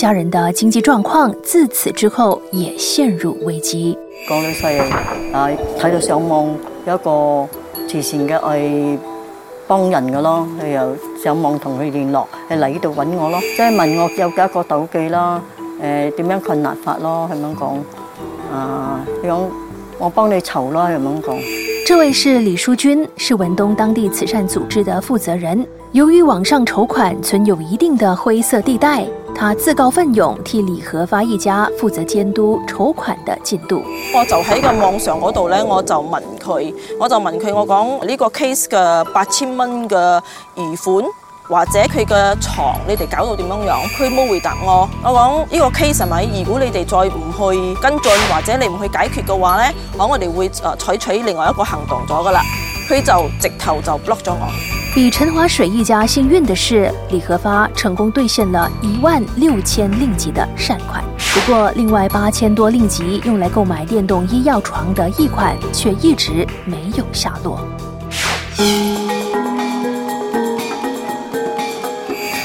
家人的經濟狀況自此之後也陷入危機。江女士啊，睇到上網有一個慈善嘅愛幫人嘅咯，佢又上網同佢聯絡，佢嚟呢度揾我咯，即係問我有幾多個斗記咯，誒，點樣困難法咯，咁樣講啊，佢講我幫你籌咯，咁樣講。這位是李淑君，是文東當地慈善組織的負責人。由於網上籌款存有一定的灰色地帶。他自告奮勇替李和發一家負責監督籌款的進度。我就喺個網上嗰度咧，我就問佢，我就問佢，我講呢個 case 嘅八千蚊嘅餘款，或者佢嘅床，你哋搞到點樣樣？佢冇回答我。我講呢個 case 係咪？如果你哋再唔去跟進，或者你唔去解決嘅話咧，咁我哋會誒採、呃、取，取另外一個行動咗噶啦。佢就直頭就 block 咗我。比陳華水一家幸運的是，李和發成功兌現了一萬六千令吉的善款，不過另外八千多令吉用來購買電動醫藥床的一款卻一直沒有下落。